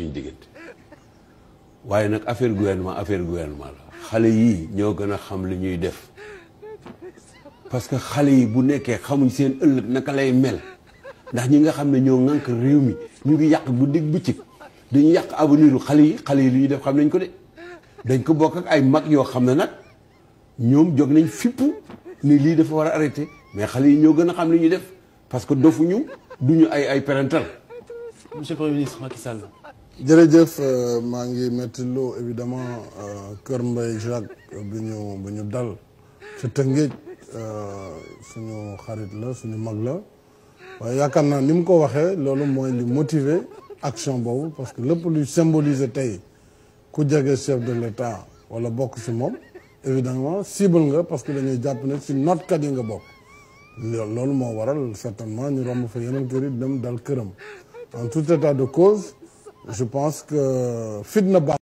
suñu diggante waaye nag affaire gouvernement affaire gouvernement la xale yi ñoo gën a xam lu ñuy def parce que xale yi bu nekkee xamuñ seen ëllëg naka lay mel ndax ñi nga xam ne ñoo ŋànk réew mi ñu ngi yàq bu digg bëccëg dañu yàq aveniru xale yi xale yi li ñuy def xam nañ ko de dañ ko bokk ay mag yoo xam ne nag ñoom jóg nañ fippu ni lii dafa war a arrêté mais xale yi ñoo gën a xam lu ñuy def parce que dofuñu duñu ay ay parental monsieur jërëjëf euh, maa ngi méttiloo évidemment euh, Kër Mbaye Jacques euh, bi ñu bi ñu dal ci Tëngéej suñu xarit la suñu mag la waaye yaakaar naa ni mu ko waxee loolu mooy li motiver action boobu parce que lépp luy symboliser tey ku jege chef de l'État wala bokk si moom évidemment cible nga parce que dañuy jàpp ne ci nootkat yi nga bokk loolu moo waral certainement ñu romb fa yeneen kër yi dem dal këram en tout état de cause je pense que fitna baax